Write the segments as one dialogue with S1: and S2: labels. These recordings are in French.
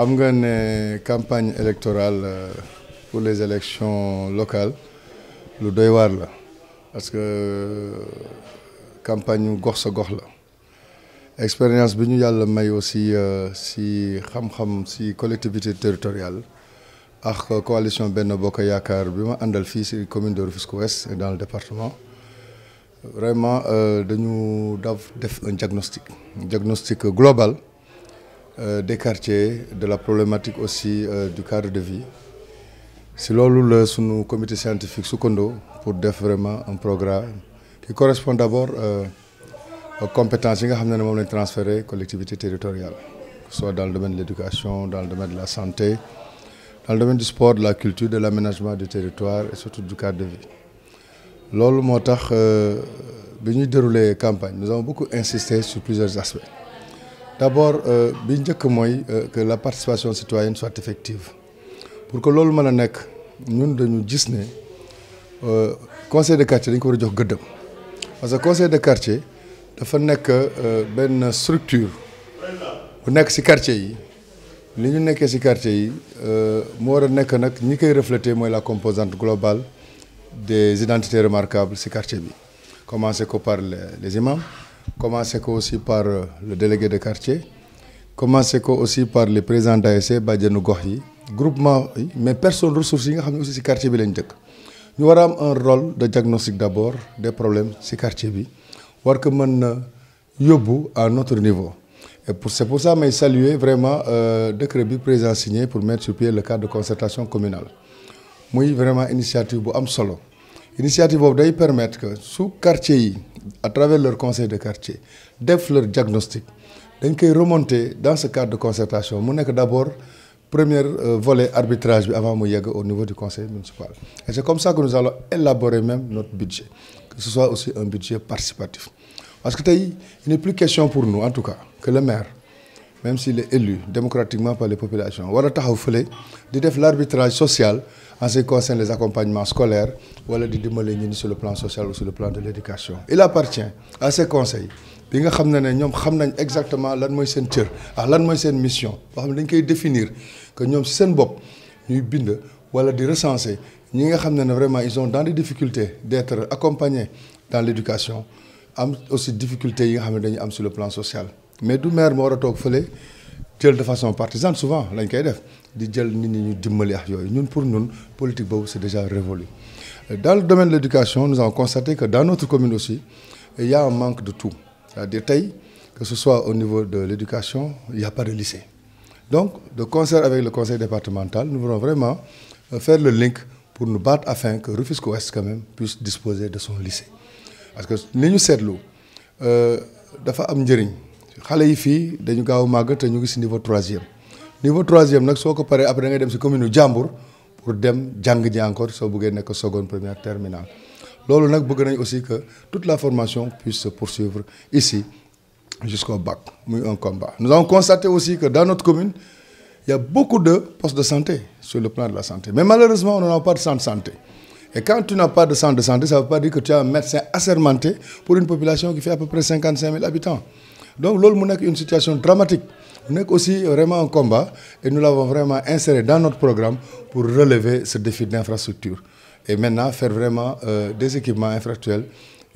S1: xam nga campagne électorale euh, pour les élections locales lu doy waar la parce que euh, campagne gox sa gox la expérience bi ñu yàlla may aussi euh, si xam-xam si collectivité territoriale ak coalition Benno Bokk Yaakaar bi ma si commune de Rufisque Ouest dans le département vraiment nous devons def un diagnostic un diagnostic global euh, des quartiers de la problématique aussi euh, du cadre de vie C'est là où le comité scientifique Sukondo pour def vraiment un programme qui correspond d'abord euh, aux compétences que nous avons transférées aux collectivités territoriales, que soit dans le domaine de l'éducation dans le domaine de la santé dans le domaine du sport de la culture de l'aménagement du territoire et surtout du cadre de vie fait moo nous dérouler campagne nous avons beaucoup insisté sur plusieurs aspects d'abord euh, il faut euh, que la participation citoyenne soit effective pour que loolu soit nous nekk que le euh, conseil de quartier est un conseil de quartier est une benn structure bu nekk ci quartier yi li ñu dans quartier yi la composante globale des identités remarquables ci quartier Comment par les imams Commencez aussi par euh, le délégué de quartier. Commencez aussi par le président d'ASC, Badjanou Gohi, groupement, mais personne ressources, qui ont aussi quartier. Nous avons un rôle de diagnostic d'abord des problèmes ce quartier. Nous avons yobu à notre niveau. c'est pour ça que je salue vraiment euh, le décret du président signé pour mettre sur pied le cadre de concertation communale. C'est vraiment une initiative qui est solo. L'initiative boobu permettre que sous quartier à travers leur conseil de quartier def leur diagnostic dañ remonter dans ce cadre de concertation mu d'abord d'abord premier euh, volet arbitrage avant mu yegg au niveau du conseil municipal et c'est comme ça que nous allons élaborer même notre budget que ce soit aussi un budget participatif parce que il n'est plus question pour nous en tout cas que le maire même s'il est élu démocratiquement par les populations Il faut faire l'arbitrage social en ce qui concerne les accompagnements scolaires ou les démolir sur le plan social ou sur le plan de l'éducation il appartient à ces conseils bi nga xam ne exactement lan mooy seen lan mission Ils xam définir que nous sommes seen ñuy recenser ñi nga vraiment ils ont dans des difficultés d'être accompagnés dans l'éducation am aussi difficultés yi nga sur le plan social mais du maire moo war a toog de façon partisane souvent lañ koy def di jël nit ñi ñu dimbali ak yooyu ñun pour ñun politique boobu c'est déjà révolu dans le domaine de l'éducation nous avons constaté que dans notre commune aussi il y a un manque de tout c'est-à-dire tey que ce soit au niveau de l'éducation il n'y a pas de lycée donc de concert avec le conseil départemental nous voulons vraiment euh, faire le link pour nous battre afin que Rufisque Ouest quand même puisse disposer de son lycée parce que li ñu seetlu euh, dafa am njëriñ dañu te ñu niveau troisième niveau 3e après da dem commune pour dem jang encore so seconde première terminale aussi que toute la formation puisse se poursuivre ici jusqu'au bac combat nous avons constaté aussi que dans notre commune il y a beaucoup de postes de santé sur le plan de la santé mais malheureusement on n'a pas de centre de santé et quand tu n'as pas de centre de santé ça ne veut pas dire que tu as un médecin assermenté pour une population qui fait à peu près 55 000 habitants donc c'est une situation dramatique mu est aussi vraiment un combat et nous l'avons vraiment inséré dans notre programme pour relever ce défi d'infrastructure et maintenant faire vraiment euh, des équipements infractuels,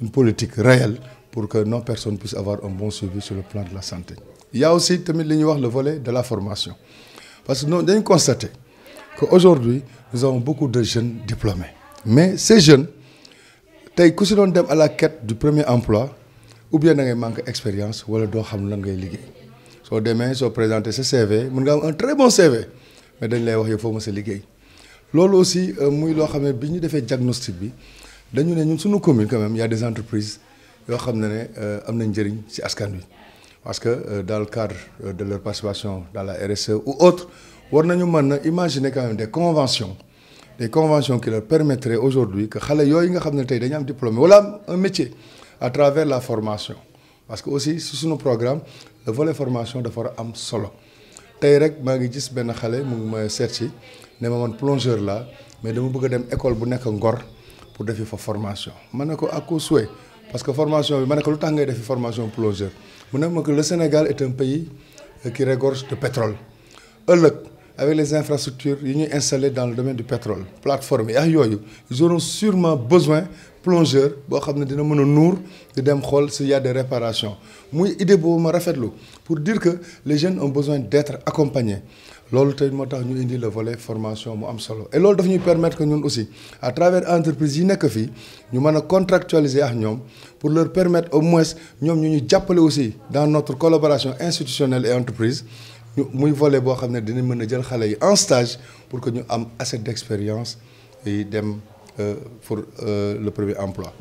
S1: une politique réelle pour que nos personnes puissent avoir un bon suivi sur le plan de la santé. Il y a aussi tamit le volet de la formation parce que nous avons constaté qu'aujourd'hui nous avons beaucoup de jeunes diplômés mais ces jeunes ils sont à la quête du premier emploi ou bien da ngay manque expérience wala doo xam lan ngay Demain soo demee soo présenter sa CV mën nga un très bon CV mais dañ lay wax yow foo ma sa aussi euh, muy loo xam ne de faire diagnostic bi dañu ne ñun suñu commune quand même Il y a des entreprises Qui ont ne ne sur euh, na parce que euh, dans le cadre de leur participation dans la RSE ou autre war nañu imaginé imaginer quand même des conventions des conventions qui leur permettraient aujourd'hui que les yooyu nga ont un dañu am diplôme wala un métier à travers la formation parce que aussi sur nos programmes, le volet formation de faire un am solo tey rek maa gis benn xale ma ne ma man plongeur là mais dama bëgg dem école bu nekk Ngor pour defi fa formation ma ko à souhait parce que formation bi ma ne ko lu tax formation plongeur mu ma que le Sénégal est un pays qui regorge de pétrole ëllëg avec les infrastructures installées dans le domaine du pétrole, plateforme, ils auront sûrement besoin de plongeurs pour qu'ils dina s'il y a des réparations muy idée que ma pour dire que les jeunes ont besoin d'être accompagnés C'est que nous nous ñu indi le volet formation et ce daf nous permettre que aussi à travers l'entreprise yi nekk nous ñu contractualiser pour leur permettre au moins de nous appeler aussi dans notre collaboration institutionnelle et entreprise nous voulons volet boo en stage pour que nous ayons assez d'expérience euh, pour euh, le premier emploi